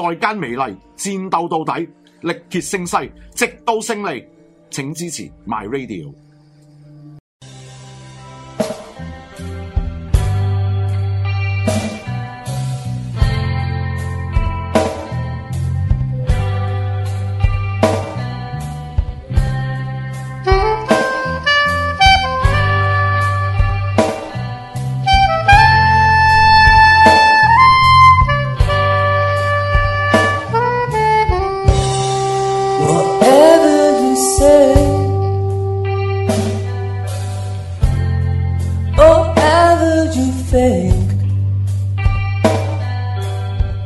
在間美麗，戰鬥到底，力竭聲嘶，直到勝利。請支持 My Radio。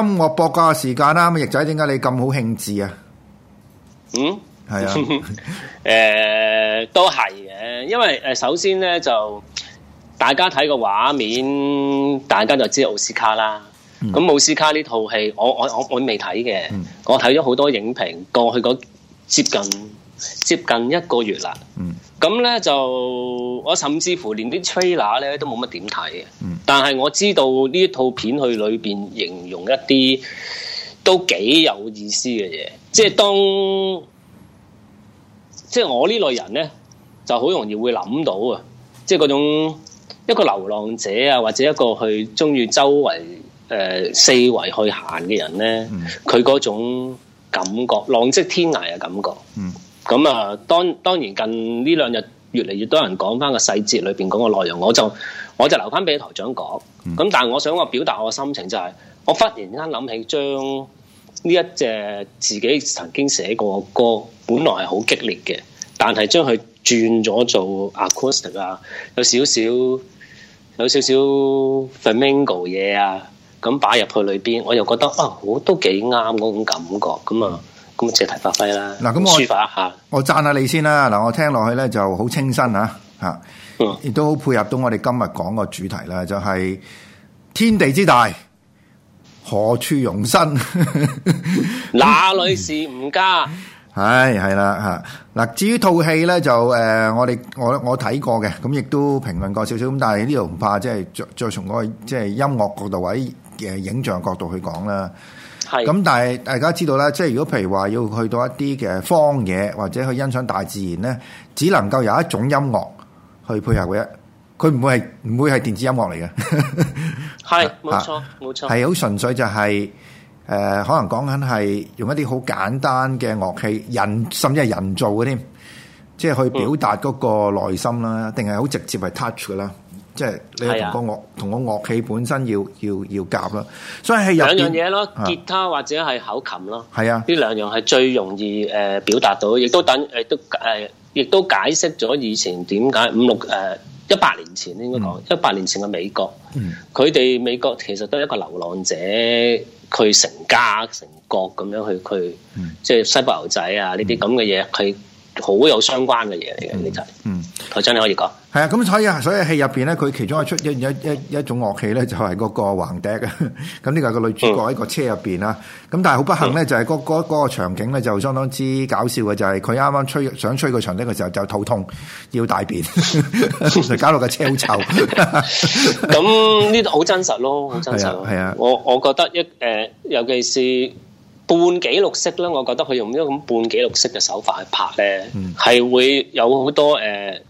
音樂博格時間啦，咪翼仔，點解你咁好興致啊？嗯，係是啊，誒、 呃，都係嘅，因為誒、呃，首先咧就大家睇個畫面，大家就知奧斯卡啦。咁奧、嗯、斯卡呢套戲，我我我我未睇嘅，嗯、我睇咗好多影評，過去嗰接近接近一個月啦，咁咧、嗯、就我甚至乎連啲 trailer 咧都冇乜點睇嘅，嗯、但係我知道呢一套片去裏邊形容一啲都幾有意思嘅嘢，即係當即係我呢類人咧就好容易會諗到啊！即係嗰種一個流浪者啊，或者一個去中意周圍誒、呃、四圍去行嘅人咧，佢嗰、嗯、種感覺浪跡天涯嘅感覺。嗯。咁啊，當當然近呢兩日越嚟越多人講翻個細節裏邊嗰個內容，我就我就留翻俾台長講。咁但係我想我表達我嘅心情就係、是，我忽然間諗起將呢一隻自己曾經寫過嘅歌，本來係好激烈嘅，但係將佢轉咗做 acoustic 啊，有少少有少少 flamenco 嘢啊，咁擺入去裏邊，我又覺得啊，好都幾啱嗰種感覺咁啊。咁借題發揮啦，嗱，咁我抒發一下。我讚下你先啦。嗱，我聽落去咧就好清新啊，吓、嗯，亦都好配合到我哋今日講個主題啦，就係天地之大，何處容身？哪 裏是吾家？係係啦，吓。 嗱，至於套戲咧，就誒、呃，我哋我我睇過嘅，咁亦都評論過少少。咁但係呢度唔怕，即係再再從嗰個即係音樂角度或者嘅影像角度去講啦。係咁，但係大家知道啦，即係如果譬如話要去到一啲嘅荒野或者去欣賞大自然咧，只能夠有一種音樂去配合嘅，佢唔會係，唔會係電子音樂嚟嘅。係冇錯冇錯，係好純粹就係、是、誒、呃，可能講緊係用一啲好簡單嘅樂器，人甚至係人造嘅添，即係去表達嗰個內心啦，定係好直接係 touch 噶啦。即係你同個樂同個樂器本身要、啊、要要，要夾啦，所以係有邊兩樣嘢咯，吉他或者係口琴咯，係啊，呢兩樣係最容易誒表達到，亦都等亦都誒亦、呃、都解釋咗以前點解五六誒、呃、一百年前應該講一百年前嘅美國，佢哋、嗯、美國其實都係一個流浪者，佢成家成國咁樣去佢、嗯、即係西部牛仔啊呢啲咁嘅嘢，佢。好有相關嘅嘢嚟嘅呢集，嗯，佢真你可以講。係啊，咁所以啊，所以戲入邊咧，佢其中一出一一一一種樂器咧，就係嗰個橫笛啊。咁呢個係個女主角喺、嗯、個車入邊啦。咁但係好不幸咧、那個，就係嗰嗰個場景咧，就相當之搞笑嘅。就係佢啱啱吹想吹個長笛嘅時候，就肚痛要大便， 搞到個車好臭。咁呢度好真實咯，好真實咯。係啊，我我覺得一誒，尤其是，是半紀錄式咧，我覺得佢用呢種半紀錄式嘅手法去拍咧，係、嗯、會有好多誒、呃、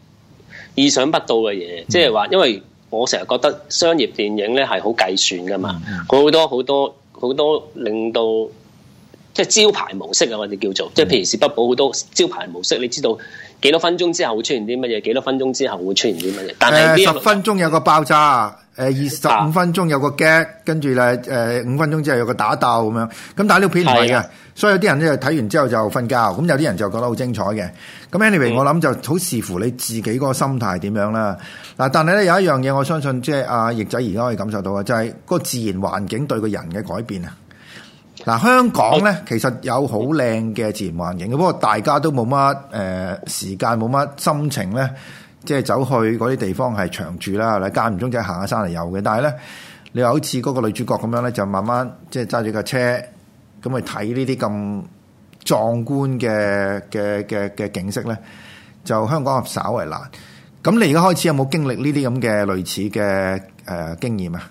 意想不到嘅嘢。即係話，因為我成日覺得商業電影咧係好計算噶嘛，好、嗯、多好多好多令到即係招牌模式啊！我哋叫做、嗯、即係譬如是不保好多招牌模式，你知道幾多分鐘之後會出現啲乜嘢？幾多分鐘之後會出現啲乜嘢？但係呢、這個呃、十分鐘有個爆炸。誒，二十五分鐘有個 gag，跟住咧，誒五分鐘之後有個打鬥咁樣。咁但係呢片唔係嘅，的所以有啲人咧就睇完之後就瞓覺。咁有啲人就覺得好精彩嘅。咁 anyway，、嗯、我諗就好視乎你自己個心態點樣啦。嗱，但係咧有一樣嘢，我相信即係阿翼仔而家可以感受到嘅，就係、是、個自然環境對個人嘅改變啊。嗱，香港咧其實有好靚嘅自然環境，不過大家都冇乜誒時間，冇乜心情咧。即係走去嗰啲地方係長住啦，間唔中就係行下山嚟遊嘅。但係咧，你話好似嗰個女主角咁樣咧，就慢慢即係揸住架車咁去睇呢啲咁壯觀嘅嘅嘅嘅景色咧，就香港稍為難。咁你而家開始有冇經歷呢啲咁嘅類似嘅誒經驗啊？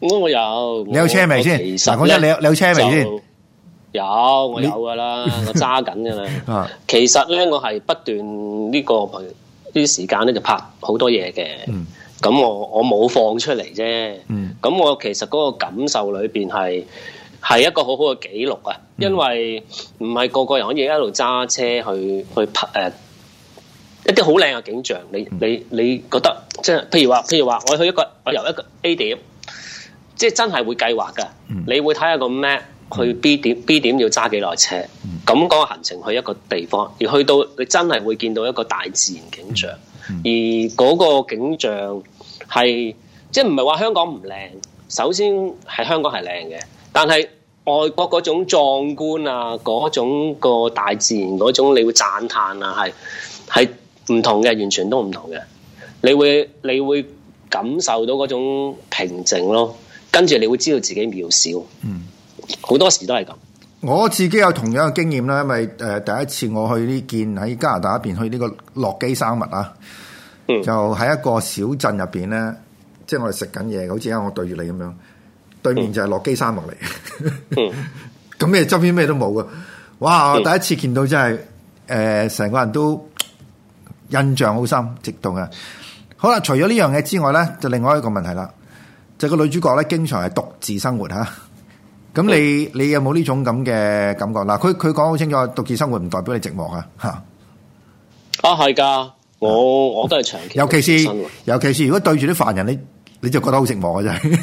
我有。我你有車未先？我講、啊、你有你有車未先？有，我有噶啦， 我揸緊噶啦。 其實咧，我係不斷呢、這個呢啲時間咧就拍好多嘢嘅，咁、嗯、我我冇放出嚟啫。咁、嗯、我其實嗰個感受裏邊係係一個好好嘅記錄啊，因為唔係個個人可以一路揸車去去拍誒、呃、一啲好靚嘅景象。你、嗯、你你覺得即係譬如話譬如話我去一個我由一,一個 A 點，即係真係會計劃㗎。嗯、你會睇下、個咩？去 B 點 B 點，要揸幾耐車，咁嗰個、嗯、行程去一個地方，而去到你真係會見到一個大自然景象，嗯、而嗰個景象係即係唔係話香港唔靚，首先係香港係靚嘅，但係外國嗰種壯觀啊，嗰種個大自然嗰種，你會讚嘆啊，係係唔同嘅，完全都唔同嘅。你會你會感受到嗰種平靜咯，跟住你會知道自己渺小。嗯。好多時都係咁，我自己有同樣嘅經驗啦，因為誒、呃、第一次我去呢件，喺加拿大一邊去呢個洛基山脈啊，嗯、就喺一個小鎮入邊咧，即係我哋食緊嘢，好似而家我對住你咁樣，對面就係洛基山脈嚟，咁咩、嗯、 周邊咩都冇嘅，哇！第一次見到真係，誒成、嗯、個人都、呃、印象好深，直動啊！好啦，除咗呢樣嘢之外咧，就另外一個問題啦，就是、個女主角咧經常係獨自生活吓。咁你你有冇呢種咁嘅感覺？嗱，佢佢講好清楚，獨自生活唔代表你寂寞啊！吓、啊，啊係噶，我我都係長期、嗯，尤其是尤其是，尤其是如果對住啲凡人，你你就覺得好寂寞嘅真係。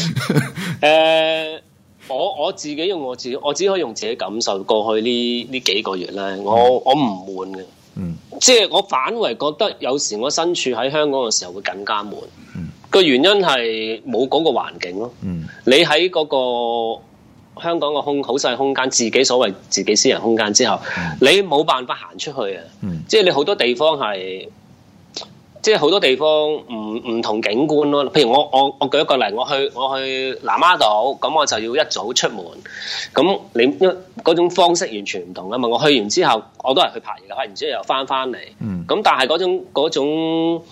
誒、 呃，我我自己用我自己，我只可以用自己感受過去呢呢幾個月咧，我我唔悶嘅，嗯，即係我、嗯、我反為覺得有時我身處喺香港嘅時候會更加悶。嗯個原因係冇嗰個環境咯，嗯、你喺嗰個香港嘅空好細空間，自己所謂自己私人空間之後，嗯、你冇辦法行出去啊！嗯、即係你好多地方係，即係好多地方唔唔同景觀咯。譬如我我我，我舉一個例，我去我去南丫島，咁我就要一早出門，咁你因嗰種方式完全唔同吖嘛。我去完之後，我都係去拍嘢，拍完之後又翻翻嚟。咁、嗯、但係嗰種嗰種。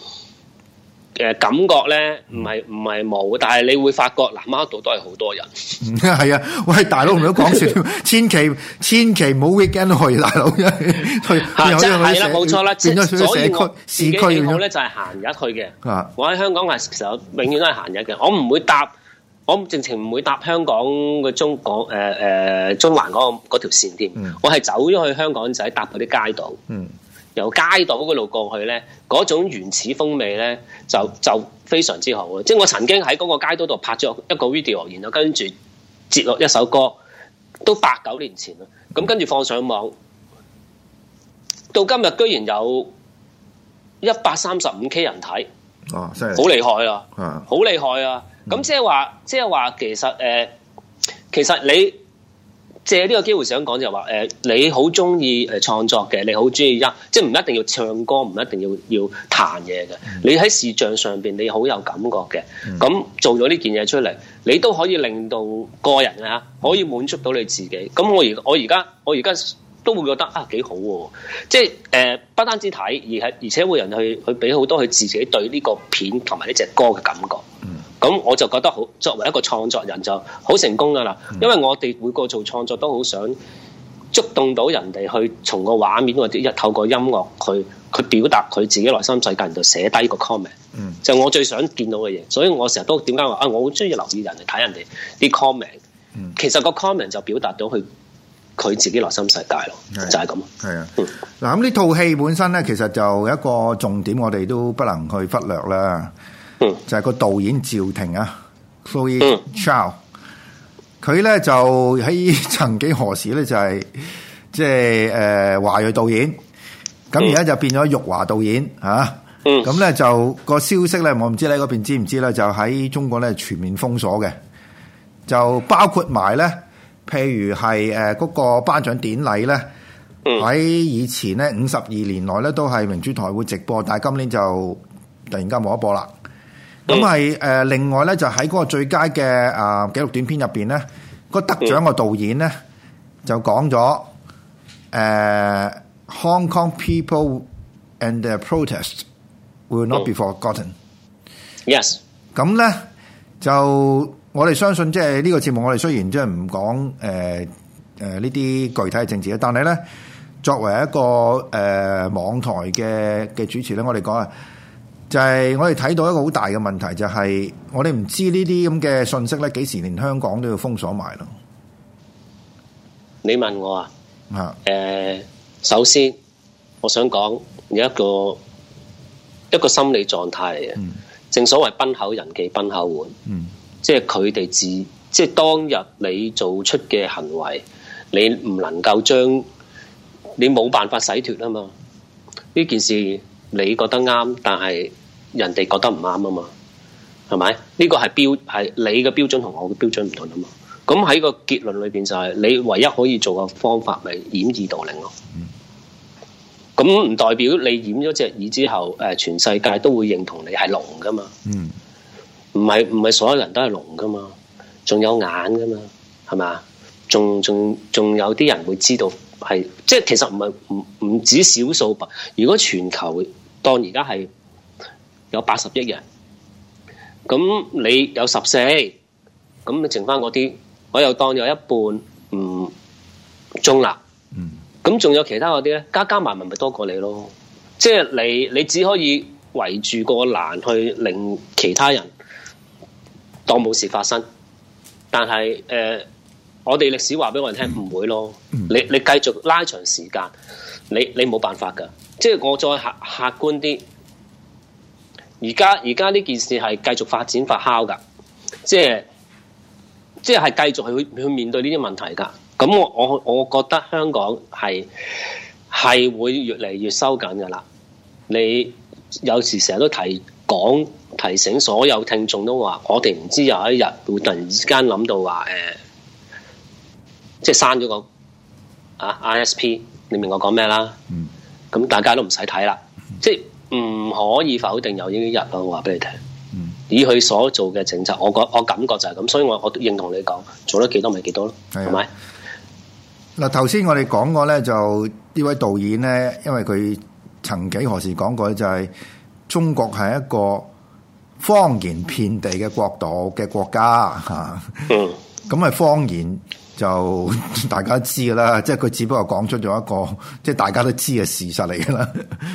嘅、呃、感覺咧，唔係唔係冇，但係你會發覺，南丫島都係好多人 嗯，係 啊，喂、就係，大佬唔好講笑，千祈千祈唔好 weekend 去，大佬，去係係啦，冇錯啦，即係社區市區我咧就係閑日去嘅。啊、我喺香港係成日永遠都係閑日嘅，啊、我唔會搭，我靜情唔會搭香港嘅中港誒誒中環嗰個條線添。嗯、我係走咗去香港仔搭嗰啲街道。嗯。由街道嗰度過去咧，嗰種原始風味咧，就就非常之好啊！即係我曾經喺嗰個街道度拍咗一個 video，然後跟住接落一首歌，都八九年前啦。咁跟住放上網，到今日居然有一百三十五 K 人睇，哦、啊，好厲，厲害啊，好的厲害啊！咁即係話，即係話，其實誒、呃，其實你。借呢個機會想講就係話，誒、呃、你好中意誒創作嘅，你好中意一即係唔一定要唱歌，唔一定要要彈嘢嘅。你喺視像上邊你好有感覺嘅，咁做咗呢件嘢出嚟，你都可以令到個人啊可以滿足到你自己。咁我而我而家我而家都會覺得啊幾好喎、啊，即係誒、呃、不單止睇，而係而且會有人去去俾好多佢自己對呢個片同埋呢隻歌嘅感覺。咁我就覺得好作為一個創作人就好成功噶啦，嗯、因為我哋每個做創作都好想觸動到人哋去從個畫面或者透過音樂去，去佢表達佢自己內心世界，就寫低個 comment。啊啊、嗯，就我最想見到嘅嘢，所以我成日都點解話啊？我好中意留意人哋睇人哋啲 comment。其實個 comment 就表達到佢佢自己內心世界咯，就係咁。係啊，嗱咁呢套戲本身咧，其實就一個重點，我哋都不能去忽略啦。就係個導演趙婷啊，Chloe Zhao，佢咧就喺曾幾何時咧就係即係誒華裔導演，咁而家就變咗玉華導演吓，咁、啊、咧、嗯啊、就、個消息咧我唔知你邊知唔知咧，就喺中國咧全面封鎖嘅，就包括埋咧，譬如係誒個頒獎典禮咧，喺、嗯、以前咧五十二年來咧都係明珠台會直播，但係今年就突然間冇得播啦。咁係誒，嗯、另外咧就喺嗰個最佳嘅誒紀錄短片入邊咧，個得獎個導演咧就講咗誒、呃、Hong Kong people and the protest will not be forgotten。Yes、嗯。咁咧、嗯、就我哋相信，即係呢個節目，我哋雖然即係唔講誒誒呢啲具體嘅政治，但係咧作為一個誒、呃、網台嘅嘅主持咧，我哋講啊。就係我哋睇到一個好大嘅問題，就係、是、我哋唔知呢啲咁嘅信息咧，幾時連香港都要封鎖埋咯？你問我啊，誒、呃，首先我想講有一個一個心理狀態嚟嘅，嗯、正所謂崩口人忌崩口碗，」嗯，即，即係佢哋自即係當日你做出嘅行為，你唔能夠將你冇辦法洗脫啊嘛？呢件事。你覺得啱，但係人哋覺得唔啱啊嘛，係咪？呢個係標係你嘅標準同我嘅標準唔同啊嘛。咁喺個結論裏邊就係、是，你唯一可以做嘅方法咪掩耳盜鈴咯。嗯。咁唔代表你掩咗隻耳之後，誒、呃、全世界都會認同你係聾㗎嘛？嗯。唔係唔係，所有人都係聾㗎嘛？仲有眼㗎嘛？係咪啊？仲仲仲有啲人會知道係，即係其實唔係唔唔止少數吧。如果全球，當而家係有八十億人，咁你有十四，咁你剩翻嗰啲，我又當有一半唔、嗯、中立，咁仲有其他嗰啲咧，加加埋埋咪多過你咯。即係你，你只可以圍住個欄去令其他人當冇事發生，但係誒。呃我哋歷史話俾我哋聽唔會咯，你你繼續拉長時間，你你冇辦法㗎。即係我再客客觀啲，而家而家呢件事係繼續發展發酵㗎，即係即係繼續去去面對呢啲問題㗎。咁我我我覺得香港係係會越嚟越收緊㗎喇。你有時成日都提講提醒所有聽眾都話，我哋唔知有一日會突然之間諗到話誒。呃即係刪咗個啊 ISP，你明我講咩啦？咁、嗯、大家都唔使睇啦。即係唔可以否定有呢啲人，我話俾你聽。嗯、以佢所做嘅政策，我覺我感覺就係咁，所以我我認同你講，做得幾多咪幾多咯，係咪、啊？嗱吧，頭先、啊、我哋講過咧，就呢位導演咧，因為佢曾幾何時講過咧就係、是、中國係一個方言遍地嘅國度嘅國家吓。啊、嗯，咁係方言。就大家都知噶啦，即係佢只不過講出咗一個，即係大家都知嘅事實嚟噶啦。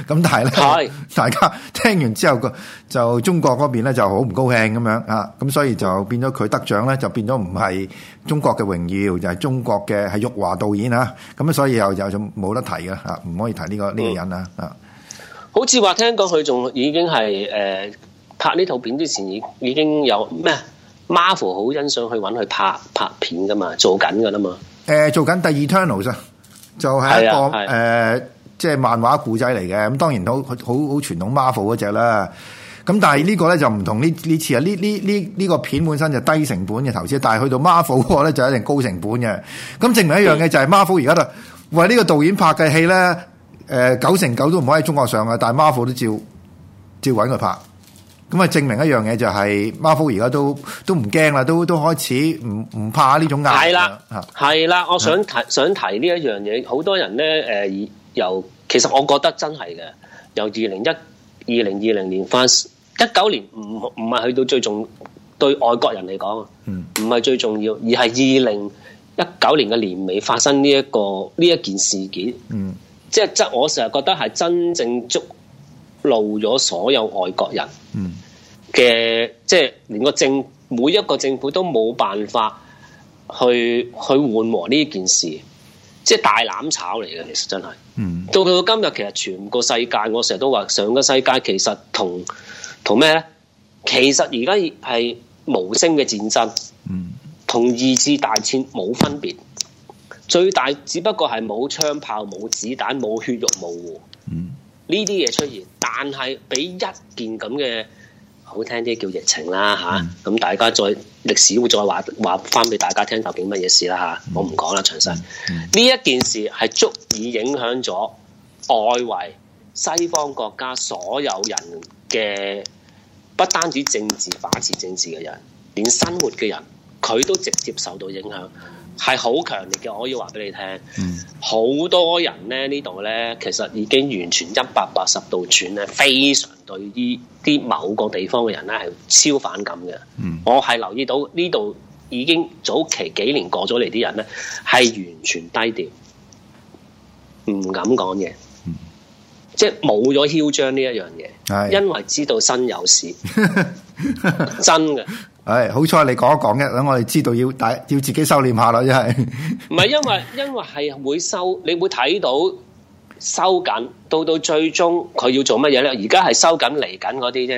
咁但係咧，哎、大家聽完之後個就中國嗰邊咧就好唔高興咁樣啊，咁所以就變咗佢得獎咧就變咗唔係中國嘅榮耀，就係中國嘅係玉華導演啊。咁所以又又就冇得提嘅啊，唔可以提呢、呢個呢、呢個人、嗯、啊。啊，好似話聽過佢仲已經係誒、呃、拍呢套片之前已已經有咩？Marvel 好欣賞去搵佢拍拍片噶嘛，做緊噶啦嘛。誒、呃，做緊《The Eternals、啊、就係、是、一個誒、呃，即係漫畫故仔嚟嘅。咁當然好好好傳統 Marvel 嗰隻啦。咁但係呢個咧就唔同呢呢次啊，呢呢呢呢個片本身就低成本嘅投資，但係去到 Marvel 咧就一定高成本嘅。咁證明一樣嘅就係、是、Marvel 而家就，喂，呢、這個導演拍嘅戲咧，誒、呃、九成九都唔可以喺中國上嘅，但係 Marvel 都照照搵佢拍。咁啊，證明一樣嘢就係 Marvel，而家都都唔驚啦，都都，都開始唔唔怕呢種壓力。係啦的，係啦的，我想提想提呢一樣嘢。好多人咧，誒、呃、由其實我覺得真係嘅，由二零一二零二零年發一九年，唔唔係去到最重對外國人嚟講，嗯，唔係最重要，而係二零一九年嘅年尾發生呢、這、一個呢一件事件，嗯，即係則我成日覺得係真正足。露咗所有外國人嗯，嘅，即係連個政每一個政府都冇辦法去去緩和呢件事，即係大攬炒嚟嘅，其實真係。嗯、到到今日，其實，全個世界，我成日都話上個世界其實同同咩咧？其實而家係無聲嘅戰爭，同、嗯、二次大戰冇分別，最大只不過係冇槍炮、冇子彈，冇血肉、冇。呢啲嘢出現，但係俾一件咁嘅好聽啲叫疫情啦，嚇，咁、嗯啊、大家再歷史會再話話返俾大家聽究竟乜嘢事啦，嚇、啊，我唔講啦祥生。呢、嗯、一件事係足以影響咗外圍西方國家所有人嘅，不單止政治把持政治嘅人，連生活嘅人佢都直接受到影響。係好強烈嘅，我可以話俾你聽。好、嗯、多人咧呢度呢，其實已經完全一百八十度轉咧，非常對啲啲某個地方嘅人咧係超反感嘅。嗯、我係留意到呢度已經早期幾年過咗嚟啲人呢，係完全低調，唔敢講嘢，嗯、即係冇咗囂張呢一樣嘢。是的 因為知道身有事， 真嘅。係、哎、好彩你講一講嘅，咁我哋知道要大要自己收斂下啦。真係唔係，因為因為係會收，你會睇到收緊，到到最終佢要做乜嘢咧？而家係收緊嚟緊嗰啲啫。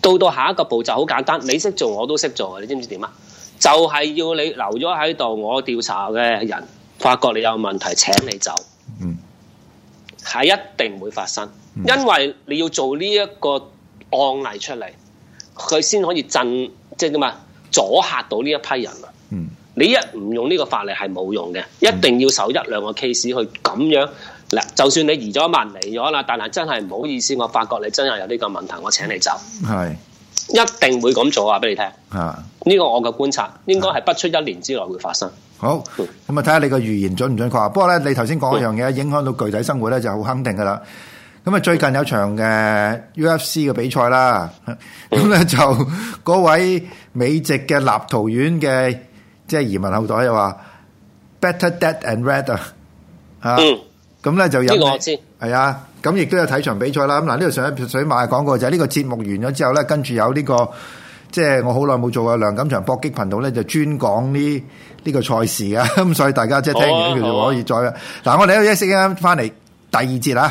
到到下一個步驟好簡單，你識做我都識做。你知唔知點啊？就係、是、要你留咗喺度，我調查嘅人發覺你有問題，請你走。嗯，係一定會發生，嗯、因為你要做呢一個案例出嚟，佢先可以震。即係點啊？阻吓到呢一批人啊！嗯、你一唔用呢個法例係冇用嘅，一定要守一兩個 case 去咁樣嗱。嗯、就算你移咗民嚟咗啦，但係真係唔好意思，我發覺你真係有呢個問題，我請你走。係是，一定會咁做啊！俾你聽。啊，呢個我嘅觀察，應該係不出一年之內會發生。啊啊、好，咁啊睇下你嘅預言準唔準確啊？不過咧，你頭先講嗰樣嘢影響到具體生活咧，就好肯定噶啦。咁啊，最近有場嘅 UFC 嘅比賽啦、嗯，咁咧就嗰位美籍嘅立陶宛嘅即係移民後代又話 Better Dead and Red 啊，咁咧就有係啊，咁亦都有睇場比賽啦。咁嗱呢度上水馬講過就係呢個節目完咗之後咧，跟住有呢、這個即係、就是、我好耐冇做嘅梁錦祥搏擊頻道咧，就專講呢呢、這個賽事啊。咁所以大家即係聽完佢就可以再。嗱，啊、我哋一息間翻嚟第二節啊！